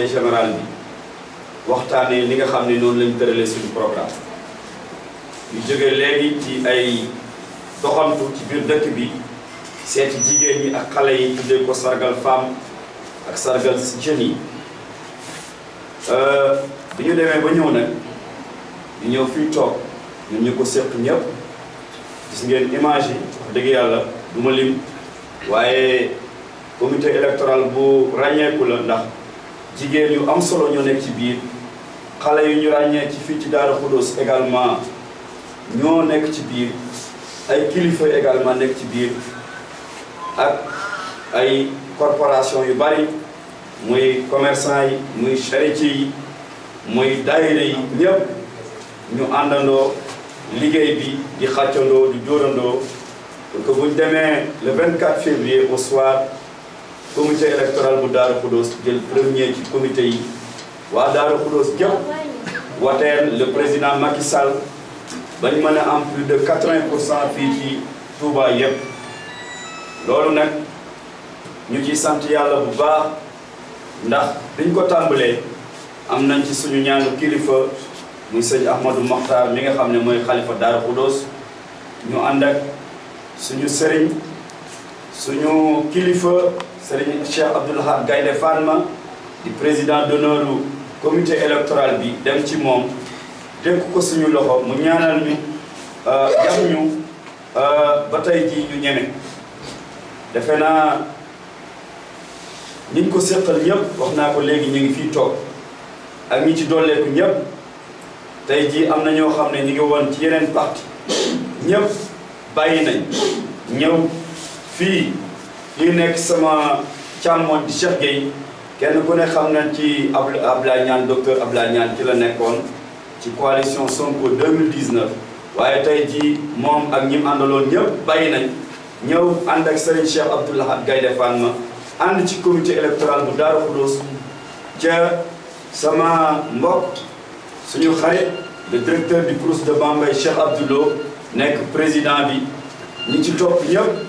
quartier général bi waxtaanee li nga xam ne noonu lañ tëralee suñu programme ñu jógee léegi ci ay doxantu ci biir dëkk bi seeti jigéen ñi ak xale yi tuddee ko sargal femme ak sargal jën yi euh, bi ñu demee ba ñëw nag ñu ñëw fii toog ñun ñu ko seq ñëpp gis ngeen image wax dëgg yàlla duma ma lim waaye comité électoral bu ràññeeku la ndax jigéen yu am solo ñoo nekk ci biir xale yu ñu ràññee ci fii ci Daara également ñoo nekk ci biir ay kilifa également nekk ci biir ak ay corporation yu bari muy commerçant yi muy sommes yi muy daayira yi ñu bi di di pour que buñ demee le 24 février au soir comité électoral bu Daaru Khoudoss jël premier ci comité yi waa Daaru Khoudoss jëpp wateel le président Macky Sall ba ñu mën a am plus de 80 pour cent fii ci Touba yëpp loolu nag ñu ci sant yàlla bu baax ndax biñ ko tàmbalee am nañ ci suñu ñaanu kilifa muy sëñ Ahmadou Mokhtar mi nga xam ne mooy xalifa Daaru Khoudoss ñu ànd suñu sëriñ suñu kilifa Serigne Cheikh Abdou gaynde Gaïndé di président d'honneur du comité bi dem ci moom dénk ko suñu loxo mu ñaanal ñu euh, jam ñu euh, tey jii ñu defe naa niñ ko séqal ñépp wax naa ko léegi ñu ngi fii toog ak ñi ci dolleeku ñëpp tey jii am na ñoo xam ne ñu ngi woon ci yeneen parti ñëpp bàyyi nañ ñëw fii ñuy nekk sama càmmoñ di Cheikh Gueye kenn ku ne xam na ci ab Ablaye Niane docteur Ablaye Niane ci la nekkoon ci coalition Sonko 2019 waaye tey jii moom ak ñi mu àndaloon ñëpp bàyyi nañ ñëw ànd ak Serigne Cheikh Abdou Lahad Gaïndé Fatma ànd ci comité électoral bu Darou Khoudoss ca sama mbok suñu xarit le directeur di Crous de Bambey Cheikh Abdoulo nekk président bi ñi ci topp ñëpp.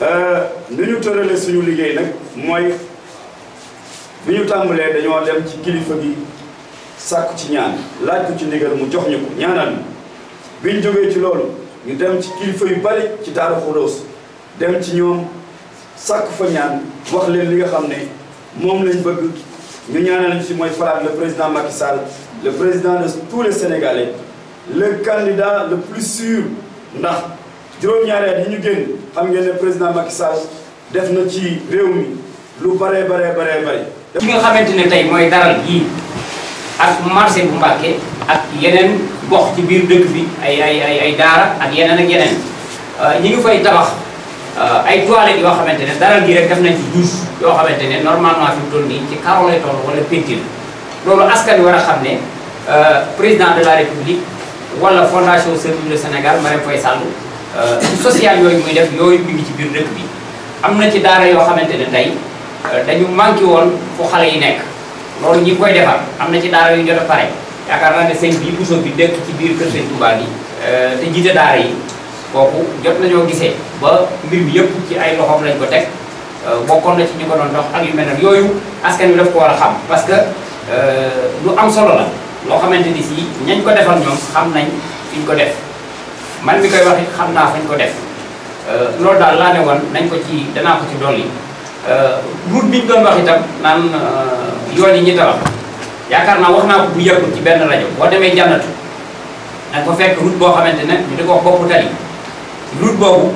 ni euh, ñu tëralee suñu liggéey nag mooy bi ñu tàmbalee dañoo dem ci kilifa gi sàkk ci ñaan laaj ko ci ndigal mu jox ñu ko ñaanal bi ñu jógee ci loolu ñu dem ci kilifa yu bari ci Daaru Xudoos dem ci ñoom sàkku fa ñaan wax leen li nga xam ne moom lañ bëgg ñu ñaanal ci mooy falaat le président Macky Sall président de tous les Sénégalais le candidat le plus sûr ndax juróom-ñaari at yi ñu génn xam ngeen ne président Macky Sall def na ci réew mi lu bare baree baree bare. ci nga xamante ne tey mooy daral yii ak marché bu Mbàkke ak yeneen gox ci biir dëkk bi ay ay ay ay daara ak yeneen ak yeneen euh, ñi ngi fay tabax euh, ay toilettes yoo xamante ne daral gi rek def nañ ci douche yoo xamante ne normalement fi mu toll nii ci carreau lay toll wala peinture loolu askan wi war a xam ne euh, président de la république wala fondation Servir le Sénégal ma Faye Sall. Euh, social yooyu muy def yooyu mi ngi ci biir dëkk bi am na ci daara yoo xamante ne tey euh, dañu manqué woon fu xale yi nekk loolu ñi koy defar am na ci daara yu jot a pare yaakaar bii Bousso bi dëkk ci biir kër sëñ Touba bi euh, te jiite daara yi kooku jot nañoo gisee ba mbir mi yëpp ci ay loxoom lañ ko teg bokkoon na ci ñu ko doon dox ak yu mel ne yooyu askan wi daf ko war a xam parce que lu am solo la loo xamante ni sii ñañ ko defal ñoom xam nañ fi ko def man mi koy wax xam naa fañ ko def euh, loolu daal laa ne woon nañ ko ci danaa ko ci dolli euh, route bi ñu doon wax itam naan euh, yoon yi ñu tabax yaakaar naa wax naa ko bu yàggul ci benn rajo boo demee jànnatu da ko fekk route boo xamante ne ñu di ko wax boobu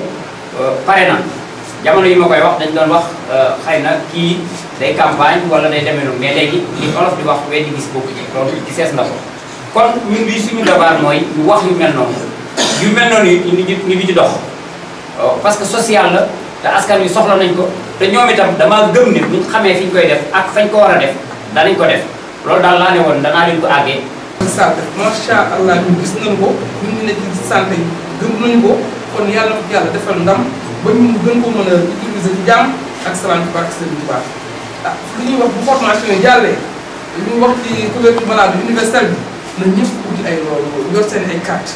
pare na jamono yi ma koy wax dañ doon wax xëy na kii day campagne wala day demee noonu mais léegi li olof di wax weddi gis bokku ci loolu gisees na ko kon ñun bi suñu dabaar mooy ñu wax yu mel noonu yu mel noonu it ñu ngi ñu ngi ci dox parce que social la te askan wi soxla nañ ko te ñoom itam damaa gëm ne buñ xamee fi ñu koy def ak fañ ko war a def danañ ko def loolu daal laa ne woon danaa leen ko àggee. sant macha allah ñu gis nañu ko ñun sant yi gëm nañu ko kon yàlla na ko yàlla defal ndam ba ñu gën ko mën a utiliser jàmm ak salaam ci barke Sëriñ Tuubaa ah lu ñuy wax bu formation jàllee lu wax ci couverture maladie universelle bi na ñëpp uti ay loolu yor seen ay carte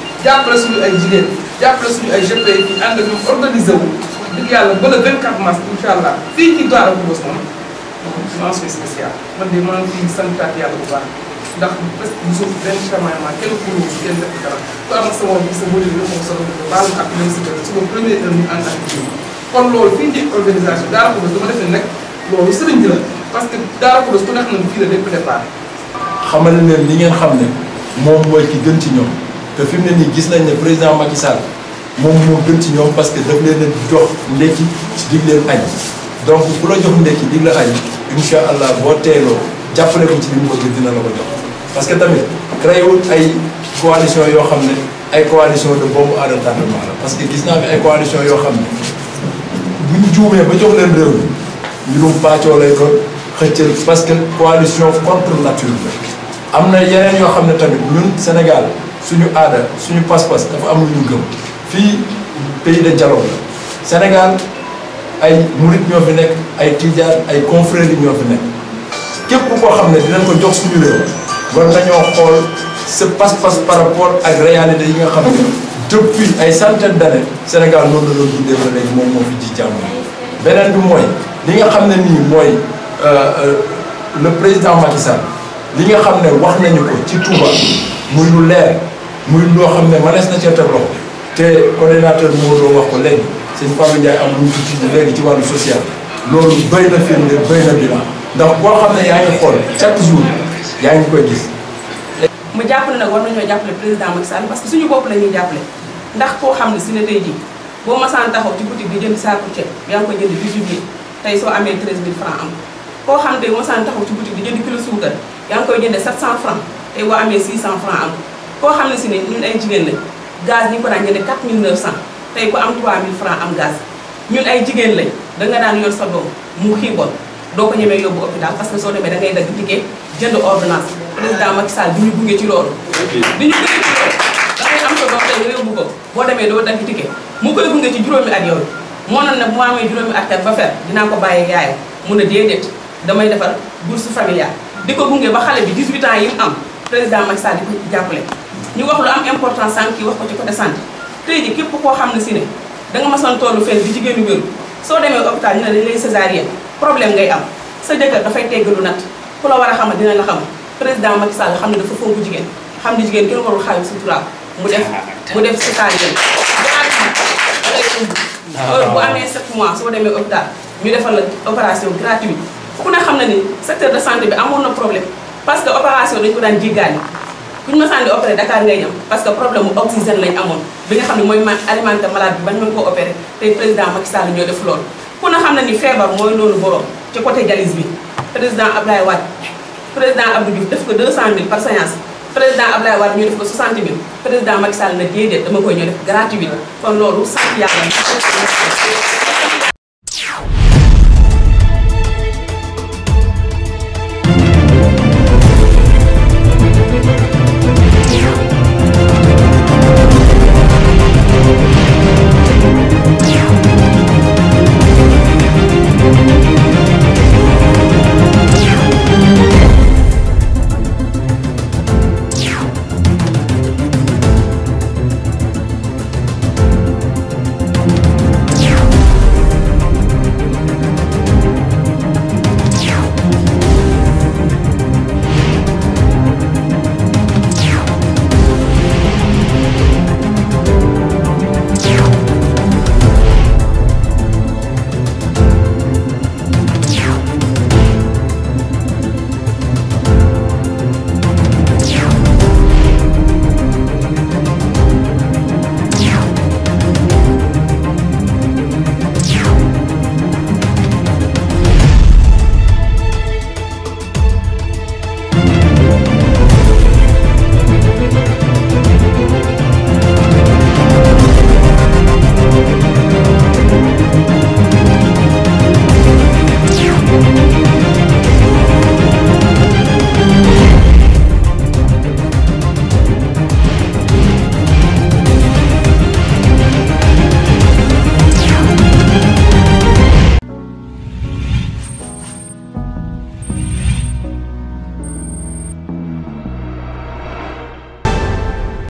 jàppale suñu ay jigéen jàppale suñu ay GP yi ànd ak ñoom organisé wu dëgg yàlla ba le 24 mars incha allah fii ci Daara Koubos moom mention spéciale man de maa ngi ciy santaat yàlla bu baax ndax bés bu suuf benn chamaillement kenn ku ñëw kenn def dara ku am sa woon bi sa bëri la moom solo ko baalu ak même si suba premier heure ñu ànd ak jigéen kon loolu fii ci organisation Daara Koubos dama defe nag loolu sëriñ bi la parce que Daara Koubos ku ne xam ne fii la lépp départ. xamal leen li ngeen xam ne moom mooy ki gën ci ñoom. te fi ni gis lañ ne président Macky Sall mom moo gën ci ñoom parce que daf leen jox ndekki ci dig leen añ donc ku la jox ndekki dig la añ incha allah boo teeloo jàppale ko ci li mu bëgg dina la ko jox parce que tamit créé wul ay coalition yo xamné ay coalition de boobu à retardement la parce que gis na fi ay coalition yo xamné bu ñu juumee ba jox leen réew mi mbirum pàccoo lay ko xëccal parce que coalition contre nature amna am na yeneen yoo xam tamit ñun Sénégal suñu ce suñu pas-pas dafa am ñu gëm pays de dialogue Sénégal ay venu, ñoo confrères qui ñoo Qu'est-ce que nous avons vous savez ko jox suñu par rapport la réalité yi nga depuis des centaines d'années Sénégal n'a la doon dundee ba léegi moo euh, euh, le président Macky Sall li nga xam wax muy lu leer muy loo xam ne mënees na cee teg loxo te coordinateur Modou wax ko léegi sëñ Fallou Ndiaye am lu mu tuuti léegi ci wàllu social loolu béy na firnde béy na bilan ndax boo xam ne yaa ngi xool chaque jour yaa ngi koy gis. mu jàppale nag war nañoo jàppale président Macky Sall parce que suñu bopp la ñuy jàppale ndax koo xam ne si ne day ji boo masaan taxaw ci boutique bi jënd saako ceeb yaa ngi koy jënd 18 000 tey soo amee 13000 francs am koo xam ne day masaan taxaw ci boutique bi tey boo amee 600 francs am koo xam ne si ne ñun ay jigéen lañ gaz ñu ko daan jëndee 4900 tey ku am 3000 francs am gaz ñun ay jigéen lañ danga daan yor sa doom mu xiibon doo ko ñemee yóbbu hôpital parce que soo demee da ngay dagg ticket jënd ordonnance président Macky Sall bi ñu gunge ci loolu bi ñu gunge ci loolu da am sa doom tey nga yóbbu ko boo demee doo dagg ticket mu koy gunge ci juróomi ak yooyu moo noon ne bu ma amee ba fer dinaa ko bàyyi yaayam mun a déedéet damay defar bourse familiale di ko gunge ba xale bi 18 ans yi am président Macky Sall di ko jàppale ñu wax lu am importance sànq yi wax ko ci côté santé tey ji képp koo xam ne si ne da nga masoon tollu fenn di jigéenu wéru soo demee hôpital ñu ne dañ lay césarienne problème ngay am sa jëkkër dafay teggalu nat ku la war a xamal dina la xam président Macky Sall xam ne dafa fonk jigéen xam ne jigéen kenn warul xaawi sutural mu def mu def césarienne ah. heure bu amee 7 mois soo demee hôpital ñu defal la opération gratuite ku ne xam na ni secteur de santé bi amoon na problème parce que opération dañ ko daan jéggaani bu ñu ma sànni opéré Dakar ngay ñam parce que problème mu oxygène lañ amoon bi nga xam ne mooy man alimenté malade bi bañ mën koo opéré tey président Macky Sall def loolu. ku na xam ne ni feebar mooy loolu borom ci côté dialyse bi président Abdoulaye Wade président Abdou def ko 200000 par séance président Abdoulaye Wade ñu def ko déedéet dama koy ñoo def gratuit kon loolu sant yàlla